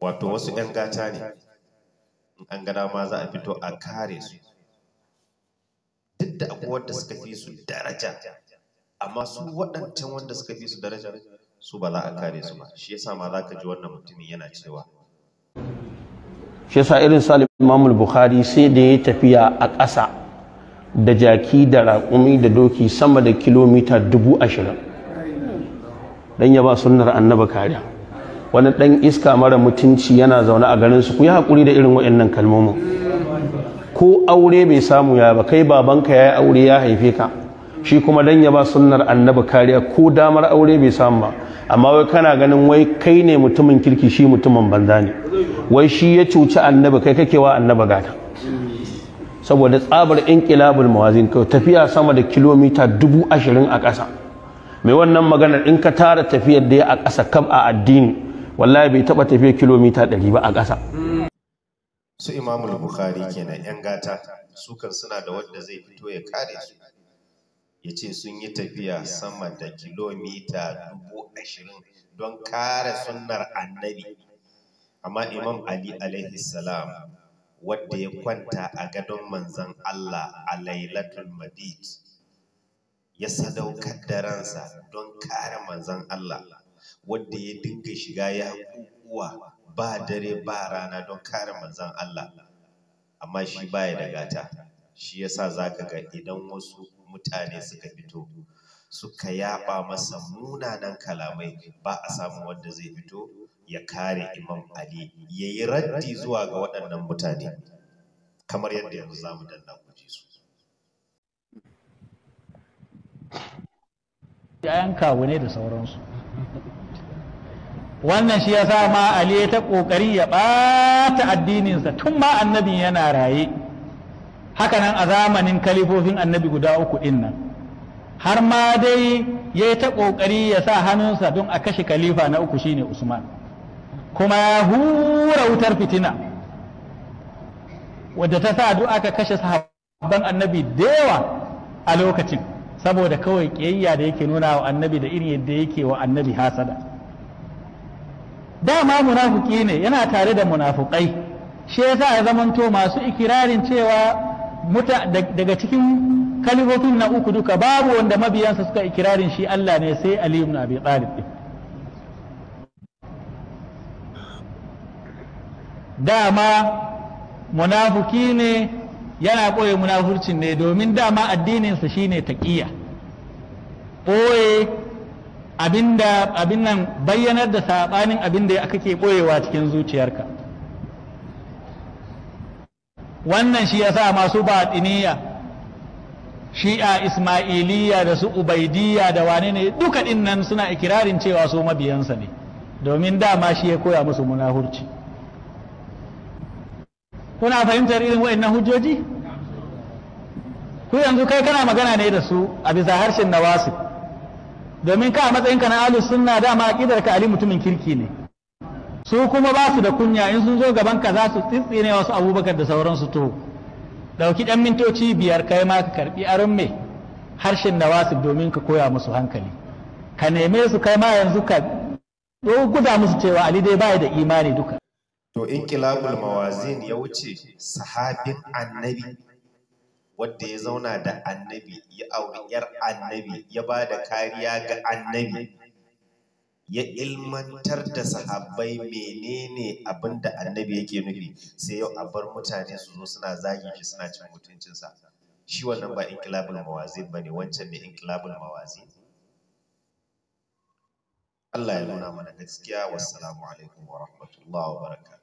wato wasu 'yan gata ne in an gada ma za a fito a kare su duk da akwai wanda suka fi su daraja amma su waɗancan wanda suka fi su daraja su ba za a kare su ba shi yasa ma za ka ji wannan mutumin yana cewa shi yasa irin salim imam bukhari sai da ya tafiya a ƙasa da jaki da raƙumi da doki sama da kilomita dubu ashirin don ya ba sunnar annaba kariya wani ɗan iska mara mutunci yana zaune a garin su ku yi haƙuri da irin waɗannan kalmomin ko aure bai samu ya ba kai babanka ya yi aure ya haife ka shi kuma dan ya ba sunnar annabi kariya ko damar aure bai samu ba amma wai kana ganin wai kai ne mutumin kirki shi mutumin banza ne wai shi ya cuci annabi kai kake wa annabi gata saboda tsabar inqilabul mawazin kai tafiya sama da kilomita dubu ashirin a ƙasa mai wannan maganar in ka tara tafiyar da ya a ƙasa kam a addini wallahi bai taba tafiya kilomita 100 ba a ƙasa su imamul bukhari kenan yan gata su kan suna da wanda zai fito ya kare su ya ce sun yi tafiya sama da kilomita dubu don kare sunnar annabi amma imam ali alaihi salam wanda ya kwanta a gadon manzan allah a lailatul madid ya sadaukar da ransa don kare manzan allah wadda ya dinga shiga ya kukuwa ba dare ba rana don kare manzan Allah amma shi baya da gata shi yasa zaka ga idan wasu mutane suka fito suka yaɓa masa munanan kalamai ba a samu wanda zai fito ya kare imam ali ya yi raddi zuwa ga waɗannan mutane kamar yadda yanzu za mu danna ku ji su ‘ya'yan kawo ne da sauransu wannan shi ya sa ma ali ya ta ƙoƙari ya ɓata addininsa tun ma annabin yana raye hakanan a zamanin kalifofin annabi guda uku din nan har ma dai ya yi ta ƙoƙari ya sa hannunsa don a kashe kalifa na uku shine usman kuma ya hura wutar fitina wadda ta sa duk aka kashe sahabban annabi dewa a lokacin saboda kawai ƙiyayya da yake nuna wa annabi da irin yadda yake wa annabi hasada dama munafuki ne yana tare da munafukai shi yasa ya zamanto masu ikirarin cewa daga cikin kalifofin na uku duka babu wanda mabiyansa suka ikirarin shi Allah ne sai Ali ibn Abi Talib dama munafuki ne yana ɓoye munafurcin ne domin dama addininsa shine taƙiya ɓoye abinda abin nan bayyanar da sabanin abinda ke boyewa cikin zuciyarka wannan shi yasa masu batiniya shi'a ismailiya da su Ubaidiya da wane ne duka dinnan suna ikirarin cewa su mabiyansa ne domin dama shi ya koya musu munahurci kuna fahimtar irin wa'annan hujjoji ku yanzu kai kana magana ne da su a bisa harshen nawasif domin ka a matsayinka na ahlus sunna dama ƙidar ka ali mutumin kirki ne su kuma ba su da kunya in sun zo gaban ka za su tsitsine wasu abubakar da sauransu to Ɗauki ɗan mintoci biyar kai ma ka karɓi aron me harshen wasu domin ka koya musu hankali ka neme su kai ma yanzu ka guda musu cewa ali dai bai da imani duka to inqilabul mawazin ya wuce sahabin annabi Wanda ya zauna da annabi ya auri yar annabi ya ba da kariya ga annabi ya ilmantar da sahabbai menene abin da annabi yake nufi sai yau a bar mutane su zo suna zagi shi suna cin mutuncinsa shi wannan ba inkilabul mawazin ba ne wancan ne inkilabul mawazin Allah ya nuna mana gaskiya wassalamu alaikum wa rahmatullahi wa barakatuh